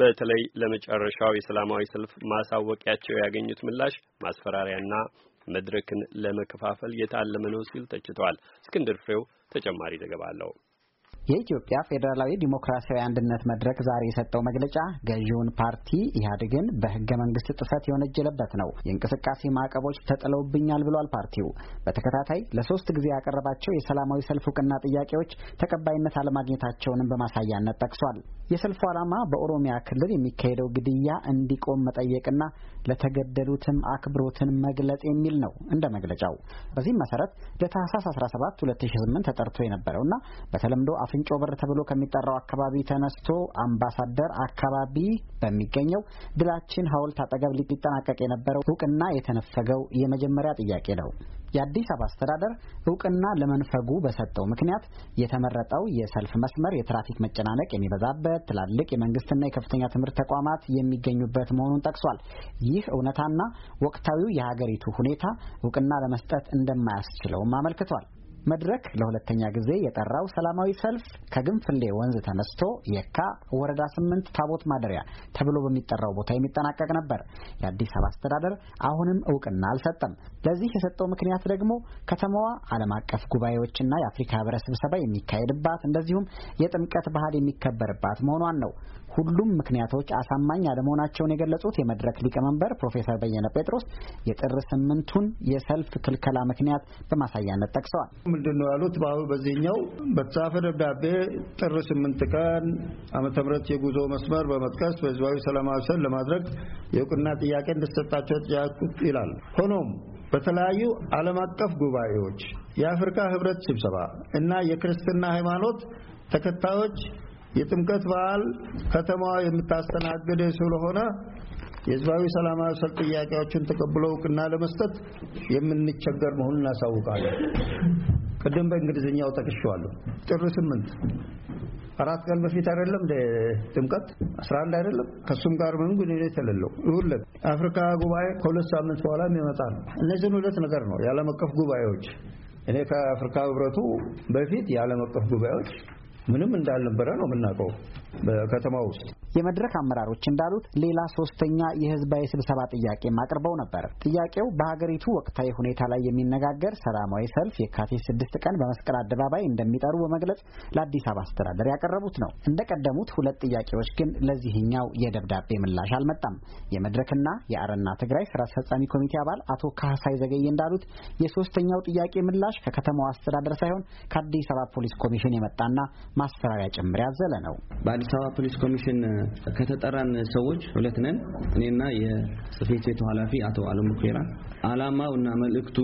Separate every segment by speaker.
Speaker 1: በተለይ ለመጨረሻው የሰላማዊ ሰልፍ ማሳወቂያቸው ያገኙት ምላሽ ማስፈራሪያና መድረክን ለመከፋፈል የታለመ ነው ሲል ተችቷል። እስክንድር ፍሬው ተጨማሪ ዘገባ አለው።
Speaker 2: የኢትዮጵያ ፌዴራላዊ ዲሞክራሲያዊ አንድነት መድረክ ዛሬ የሰጠው መግለጫ ገዢውን ፓርቲ ኢህአዴግን በህገ መንግስት ጥሰት የወነጀለበት ነው። የእንቅስቃሴ ማዕቀቦች ተጥለውብኛል ብሏል። ፓርቲው በተከታታይ ለሶስት ጊዜ ያቀረባቸው የሰላማዊ ሰልፍ እውቅና ጥያቄዎች ተቀባይነት አለማግኘታቸውንም በማሳያነት ጠቅሷል። የሰልፉ ዓላማ በኦሮሚያ ክልል የሚካሄደው ግድያ እንዲቆም መጠየቅና ለተገደሉትም አክብሮትን መግለጽ የሚል ነው እንደ መግለጫው። በዚህም መሰረት ለታህሳስ 17 2008 ተጠርቶ የነበረውና በተለምዶ አፍ ፍንጮ በር ተብሎ ከሚጠራው አካባቢ ተነስቶ አምባሳደር አካባቢ በሚገኘው ድላችን ሐውልት አጠገብ ሊጠናቀቅ የነበረው እውቅና የተነፈገው የመጀመሪያ ጥያቄ ነው። የአዲስ አበባ አስተዳደር እውቅና ለመንፈጉ በሰጠው ምክንያት የተመረጠው የሰልፍ መስመር የትራፊክ መጨናነቅ የሚበዛበት ትላልቅ የመንግስትና የከፍተኛ ትምህርት ተቋማት የሚገኙበት መሆኑን ጠቅሷል። ይህ እውነታና ወቅታዊው የሀገሪቱ ሁኔታ እውቅና ለመስጠት እንደማያስችለውም አመልክቷል። መድረክ ለሁለተኛ ጊዜ የጠራው ሰላማዊ ሰልፍ ከግንፍሌ ወንዝ ተነስቶ የካ ወረዳ ስምንት ታቦት ማደሪያ ተብሎ በሚጠራው ቦታ የሚጠናቀቅ ነበር። የአዲስ አበባ አስተዳደር አሁንም እውቅና አልሰጠም። ለዚህ የሰጠው ምክንያት ደግሞ ከተማዋ ዓለም አቀፍ ጉባኤዎችና የአፍሪካ ሕብረት ስብሰባ የሚካሄድባት እንደዚሁም የጥምቀት ባህል የሚከበርባት መሆኗን ነው። ሁሉም ምክንያቶች አሳማኝ አለመሆናቸውን የገለጹት የመድረክ ሊቀመንበር ፕሮፌሰር በየነ ጴጥሮስ የጥር ስምንቱን የሰልፍ ክልከላ ምክንያት በማሳያነት ጠቅሰዋል።
Speaker 3: ምንድን ነው ያሉት? በዚህኛው በተጻፈ ደብዳቤ ጥር ስምንት ቀን ዓመተ ምህረት የጉዞ መስመር በመጥቀስ በህዝባዊ ሰላማዊ ሰልፍ ለማድረግ የእውቅና ጥያቄ እንደተሰጣቸው ጥያቁት ይላል። ሆኖም በተለያዩ ዓለም አቀፍ ጉባኤዎች፣ የአፍሪካ ህብረት ስብሰባ እና የክርስትና ሃይማኖት ተከታዮች የጥምቀት በዓል ከተማዋ የምታስተናግድ ስለሆነ የህዝባዊ ሰላማዊ ሰልፍ ጥያቄዎችን ተቀብለው እውቅና ለመስጠት የምንቸገር መሆኑን እናሳውቃለን። ቅድም በእንግሊዝኛው ጠቅሼዋለሁ። ጥር ስምንት አራት ቀን በፊት አይደለም ጥምቀት 11 አይደለም ከሱም ጋር ምንም ግንኙነት የሌለው ሁለት አፍሪካ ጉባኤ ከሁለት ሳምንት በኋላ የሚመጣ ነው። እነዚህን ሁለት ነገር ነው የዓለም አቀፍ ጉባኤዎች እኔ ከአፍሪካ ህብረቱ በፊት የዓለም አቀፍ ጉባኤዎች ምንም እንዳልነበረ ነው የምናውቀው በከተማ ውስጥ
Speaker 2: የመድረክ አመራሮች እንዳሉት ሌላ ሶስተኛ የህዝባዊ ስብሰባ ጥያቄም አቅርበው ነበር። ጥያቄው በሀገሪቱ ወቅታዊ ሁኔታ ላይ የሚነጋገር ሰላማዊ ሰልፍ የካቲት ስድስት ቀን በመስቀል አደባባይ እንደሚጠሩ በመግለጽ ለአዲስ አበባ አስተዳደር ያቀረቡት ነው። እንደቀደሙት ሁለት ጥያቄዎች ግን ለዚህኛው የደብዳቤ ምላሽ አልመጣም። የመድረክና የአረና ትግራይ ስራ አስፈጻሚ ኮሚቴ አባል አቶ ካህሳይ ዘገይ እንዳሉት የሶስተኛው ጥያቄ ምላሽ ከከተማው አስተዳደር ሳይሆን ከአዲስ አበባ ፖሊስ ኮሚሽን የመጣና ማስፈራሪያ ጭምር ያዘለ ነው።
Speaker 1: በአዲስ አበባ ፖሊስ ኮሚሽን ከተጠራን ሰዎች ሁለት ነን፣ እኔና የጽህፈት ቤቱ ኃላፊ አቶ አለሙ ኩራ። አላማው እና መልእክቱ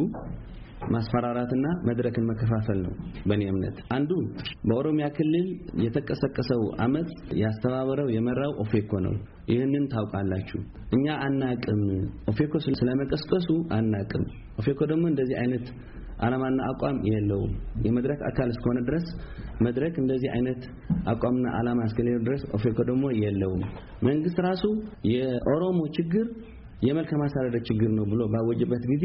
Speaker 1: ማስፈራራትና መድረክን መከፋፈል ነው። በእኔ እምነት አንዱ በኦሮሚያ ክልል የተቀሰቀሰው አመፅ ያስተባበረው የመራው ኦፌኮ ነው። ይህንን ታውቃላችሁ። እኛ አናቅም። ኦፌኮ ስለመቀስቀሱ አናቅም። ኦፌኮ ደግሞ እንደዚህ አይነት ዓላማና አቋም የለውም። የመድረክ አካል እስከሆነ ድረስ መድረክ እንደዚህ አይነት አቋምና ዓላማ እስከሌለው ድረስ ኦፌኮ ደግሞ የለውም። መንግስት ራሱ የኦሮሞ ችግር የመልካም አስተዳደር ችግር ነው ብሎ ባወጀበት ጊዜ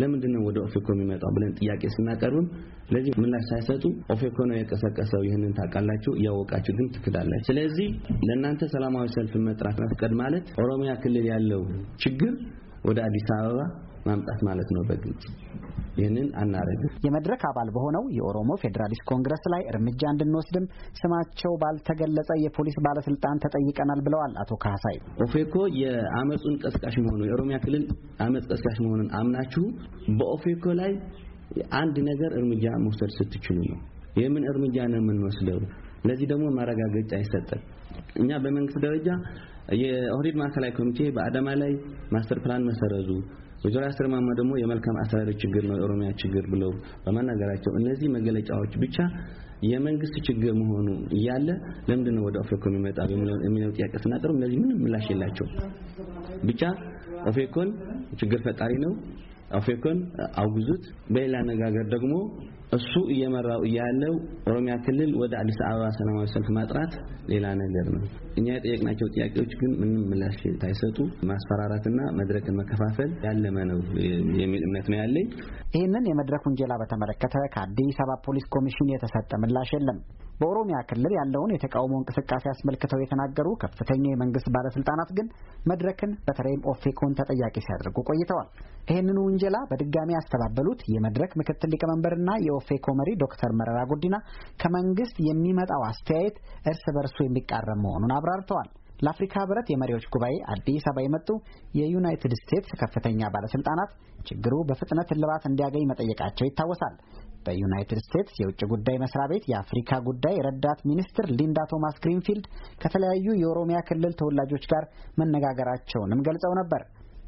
Speaker 1: ለምንድን ነው ወደ ኦፌኮ የሚመጣው ብለን ጥያቄ ስናቀርብም ለዚህ ምላሽ ሳይሰጡ ኦፌኮ ነው የቀሰቀሰው፣ ይህንን ታውቃላችሁ፣ እያወቃችሁ ግን ትክዳላችሁ። ስለዚህ ለእናንተ ሰላማዊ ሰልፍ መጥራት መፍቀድ ማለት ኦሮሚያ ክልል ያለው ችግር ወደ አዲስ አበባ ማምጣት ማለት ነው በግልጽ
Speaker 2: ይህንን አናረግም። የመድረክ አባል በሆነው የኦሮሞ ፌዴራሊስት ኮንግረስ ላይ እርምጃ እንድንወስድም ስማቸው ባልተገለጸ የፖሊስ ባለስልጣን ተጠይቀናል ብለዋል አቶ ካሳይ።
Speaker 1: ኦፌኮ የአመፁን ቀስቃሽ መሆኑ የኦሮሚያ ክልል አመፅ ቀስቃሽ መሆኑን አምናችሁ በኦፌኮ ላይ አንድ ነገር እርምጃ መውሰድ ስትችሉ ነው። የምን እርምጃ ነው የምንወስደው? ለዚህ ደግሞ ማረጋገጫ ይሰጠን። እኛ በመንግስት ደረጃ የኦህዴድ ማዕከላዊ ኮሚቴ በአዳማ ላይ ማስተር ፕላን መሰረዙ ወይዘሮ ያስር ማማ ደግሞ የመልካም አስተዳደር ችግር ነው የኦሮሚያ ችግር ብለው በመናገራቸው እነዚህ መገለጫዎች ብቻ የመንግስት ችግር መሆኑ እያለ ለምንድን ነው ወደ ኦፌኮ የሚመጣ የሚለው ጥያቄ ስናጠሩ እነዚህ ምንም ምላሽ የላቸው። ብቻ ኦፌኮን ችግር ፈጣሪ ነው ኦፌኮን አውግዙት። በሌላ አነጋገር ደግሞ እሱ እየመራው እያለው ኦሮሚያ ክልል ወደ አዲስ አበባ ሰላማዊ ሰልፍ ማጥራት ሌላ ነገር ነው። እኛ የጠየቅናቸው ጥያቄዎች ግን ምንም ምላሽ ሳይሰጡ ማስፈራራትና መድረክን መከፋፈል ያለመ ነው የሚል እምነት ነው ያለኝ።
Speaker 2: ይህንን የመድረክ ውንጀላ በተመለከተ ከአዲስ አበባ ፖሊስ ኮሚሽን የተሰጠ ምላሽ የለም። በኦሮሚያ ክልል ያለውን የተቃውሞ እንቅስቃሴ አስመልክተው የተናገሩ ከፍተኛ የመንግስት ባለስልጣናት ግን መድረክን በተለይም ኦፌኮን ተጠያቂ ሲያደርጉ ቆይተዋል። ይህንኑ ውንጀላ በድጋሚ ያስተባበሉት የመድረክ ምክትል ሊቀመንበርና ኦፌኮ መሪ ዶክተር መረራ ጉዲና ከመንግስት የሚመጣው አስተያየት እርስ በርሱ የሚቃረም መሆኑን አብራርተዋል። ለአፍሪካ ህብረት የመሪዎች ጉባኤ አዲስ አበባ የመጡ የዩናይትድ ስቴትስ ከፍተኛ ባለስልጣናት ችግሩ በፍጥነት እልባት እንዲያገኝ መጠየቃቸው ይታወሳል። በዩናይትድ ስቴትስ የውጭ ጉዳይ መስሪያ ቤት የአፍሪካ ጉዳይ ረዳት ሚኒስትር ሊንዳ ቶማስ ግሪንፊልድ ከተለያዩ የኦሮሚያ ክልል ተወላጆች ጋር መነጋገራቸውንም ገልጸው ነበር።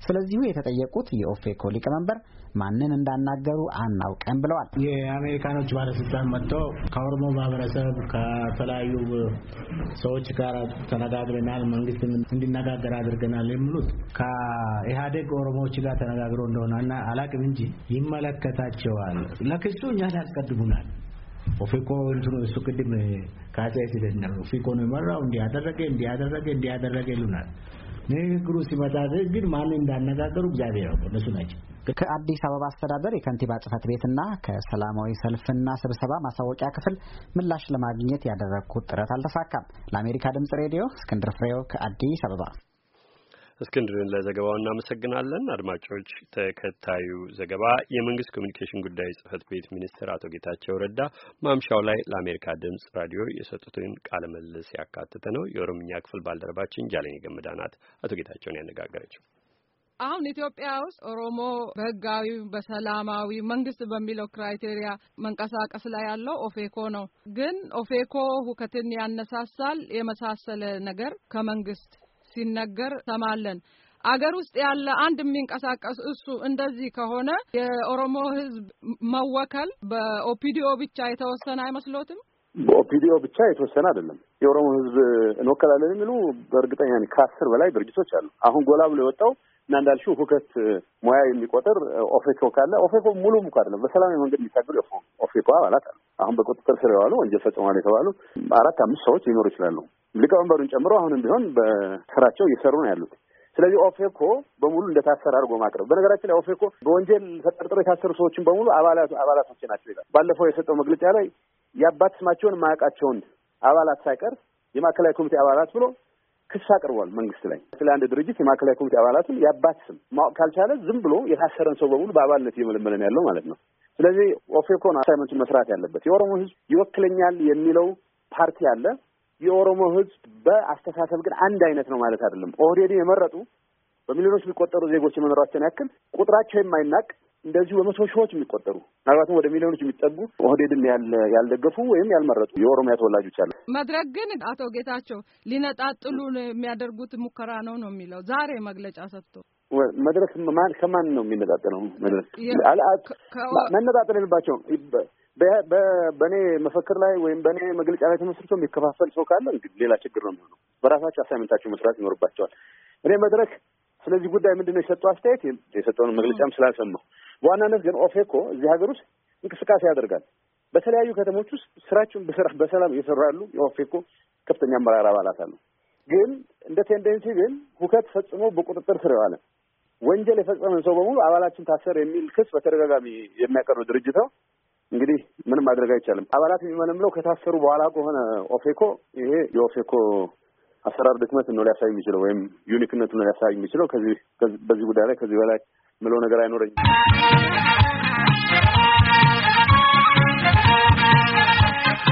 Speaker 2: ስለዚሁ የተጠየቁት የኦፌኮ ሊቀመንበር ማንን እንዳናገሩ አናውቀም ብለዋል። የአሜሪካኖች ባለስልጣን መጥቶ ከኦሮሞ ማህበረሰብ ከተለያዩ ሰዎች ጋር ተነጋግረናል፣ መንግስት
Speaker 1: እንዲነጋገር አድርገናል የሚሉት ከኢህአዴግ ኦሮሞዎች ጋር ተነጋግሮ እንደሆነ እና አላቅም እንጂ ይመለከታቸዋል። ለክሱ እኛ ያስቀድሙናል። ኦፌኮ እንትኑ እሱ ቅድም ከአጼ ሲደድ ኦፌኮ ነው የመራው እንዲያደረገ እንዲያደረገ እንዲያደረገ
Speaker 2: ይሉናል። ንግግሩ ሲመጣ ግን ማን እንዳነጋገሩ እግዚአብሔር ያውቁ እነሱ ናቸው። ከአዲስ አበባ አስተዳደር የከንቲባ ጽህፈት ቤትና ከሰላማዊ ሰልፍና ስብሰባ ማሳወቂያ ክፍል ምላሽ ለማግኘት ያደረግኩት ጥረት አልተሳካም። ለአሜሪካ ድምጽ ሬዲዮ እስክንድር ፍሬው ከአዲስ አበባ
Speaker 1: እስክንድርን ለዘገባው እናመሰግናለን። አድማጮች፣ ተከታዩ ዘገባ የመንግስት ኮሚኒኬሽን ጉዳይ ጽህፈት ቤት ሚኒስትር አቶ ጌታቸው ረዳ ማምሻው ላይ ለአሜሪካ ድምጽ ራዲዮ የሰጡትን ቃለ መልስ ያካተተ ነው። የኦሮምኛ ክፍል ባልደረባችን ጃለኔ ገመዳ ናት አቶ ጌታቸውን ያነጋገረችው።
Speaker 3: አሁን ኢትዮጵያ ውስጥ ኦሮሞ በህጋዊ በሰላማዊ መንግስት በሚለው ክራይቴሪያ መንቀሳቀስ ላይ ያለው ኦፌኮ ነው። ግን ኦፌኮ ሁከትን ያነሳሳል የመሳሰለ ነገር ከመንግስት ሲነገር ሰማለን። አገር ውስጥ ያለ አንድ የሚንቀሳቀስ እሱ እንደዚህ ከሆነ የኦሮሞ ህዝብ መወከል በኦፒዲኦ ብቻ የተወሰነ አይመስሎትም?
Speaker 4: በኦፒዲኦ ብቻ የተወሰነ አይደለም። የኦሮሞ ህዝብ እንወከላለን የሚሉ በእርግጠኛ ከአስር በላይ ድርጅቶች አሉ። አሁን ጎላ ብሎ የወጣው እና እንዳልሽው ሁከት ሙያ የሚቆጥር ኦፌኮ ካለ ኦፌኮ ሙሉ ሙክ አይደለም። በሰላማዊ መንገድ የሚታገሉ ኦፌኮ አባላት አሉ። አሁን በቁጥጥር ስር የዋሉ ወንጀል ፈጽሟል የተባሉ አራት አምስት ሰዎች ሊኖሩ ይችላሉ። ሊቀመንበሩን ጨምሮ አሁንም ቢሆን በስራቸው እየሰሩ ነው ያሉት። ስለዚህ ኦፌኮ በሙሉ እንደታሰረ አድርጎ ማቅረብ። በነገራችን ላይ ኦፌኮ በወንጀል ተጠርጥረው የታሰሩ ሰዎችን በሙሉ አባላቶች ናቸው ይላል። ባለፈው የሰጠው መግለጫ ላይ የአባት ስማቸውን ማያውቃቸውን አባላት ሳይቀር የማዕከላዊ ኮሚቴ አባላት ብሎ ክስ አቅርቧል መንግስት ላይ። ስለ አንድ ድርጅት የማዕከላዊ ኮሚቴ አባላትን የአባት ስም ማወቅ ካልቻለ ዝም ብሎ የታሰረን ሰው በሙሉ በአባልነት እየመለመለን ያለው ማለት ነው። ስለዚህ ኦፌኮ ነው አሳይመንቱን መስራት ያለበት። የኦሮሞ ህዝብ ይወክለኛል የሚለው ፓርቲ አለ። የኦሮሞ ህዝብ በአስተሳሰብ ግን አንድ አይነት ነው ማለት አይደለም። ኦህዴድን የመረጡ በሚሊዮኖች የሚቆጠሩ ዜጎች የመኖራቸውን ያክል ቁጥራቸው የማይናቅ እንደዚሁ በመቶ ሺዎች የሚቆጠሩ ምናልባትም ወደ ሚሊዮኖች የሚጠጉ ኦህዴድን ያልደገፉ ወይም ያልመረጡ የኦሮሚያ ተወላጆች አሉ።
Speaker 3: መድረክ ግን አቶ ጌታቸው ሊነጣጥሉ የሚያደርጉት ሙከራ ነው ነው የሚለው ዛሬ መግለጫ ሰጥቶ
Speaker 4: መድረክ ከማን ነው የሚነጣጥለው? መድረክ መነጣጠል የለባቸውም። በእኔ መፈክር ላይ ወይም በእኔ መግለጫ ላይ ተመስርቶ የሚከፋፈል ሰው ካለ እንግዲህ ሌላ ችግር ነው የሚሆነው። በራሳቸው አሳይመንታቸው መስራት ይኖርባቸዋል። እኔ መድረክ ስለዚህ ጉዳይ ምንድን ነው የሰጠው አስተያየት የሰጠውን መግለጫም ስላልሰማሁ፣ በዋናነት ግን ኦፌኮ እዚህ ሀገር ውስጥ እንቅስቃሴ ያደርጋል። በተለያዩ ከተሞች ውስጥ ስራቸውን በሰላም እየሰሩ ያሉ የኦፌኮ ከፍተኛ አመራር አባላት አሉ። ግን እንደ ቴንደንሲ ግን ሁከት ፈጽሞ በቁጥጥር ስር የዋለ ወንጀል የፈጸመን ሰው በሙሉ አባላችን ታሰር የሚል ክስ በተደጋጋሚ የሚያቀርብ ድርጅት ነው። እንግዲህ ምንም ማድረግ አይቻልም። አባላት የሚመለምለው ከታሰሩ በኋላ ከሆነ ኦፌኮ ይሄ የኦፌኮ አሰራር ድክመት ነው ሊያሳይ የሚችለው ወይም ዩኒክነቱ ነው ሊያሳይ የሚችለው። ከዚህ በዚህ ጉዳይ ላይ ከዚህ በላይ ምለው ነገር አይኖረኝም።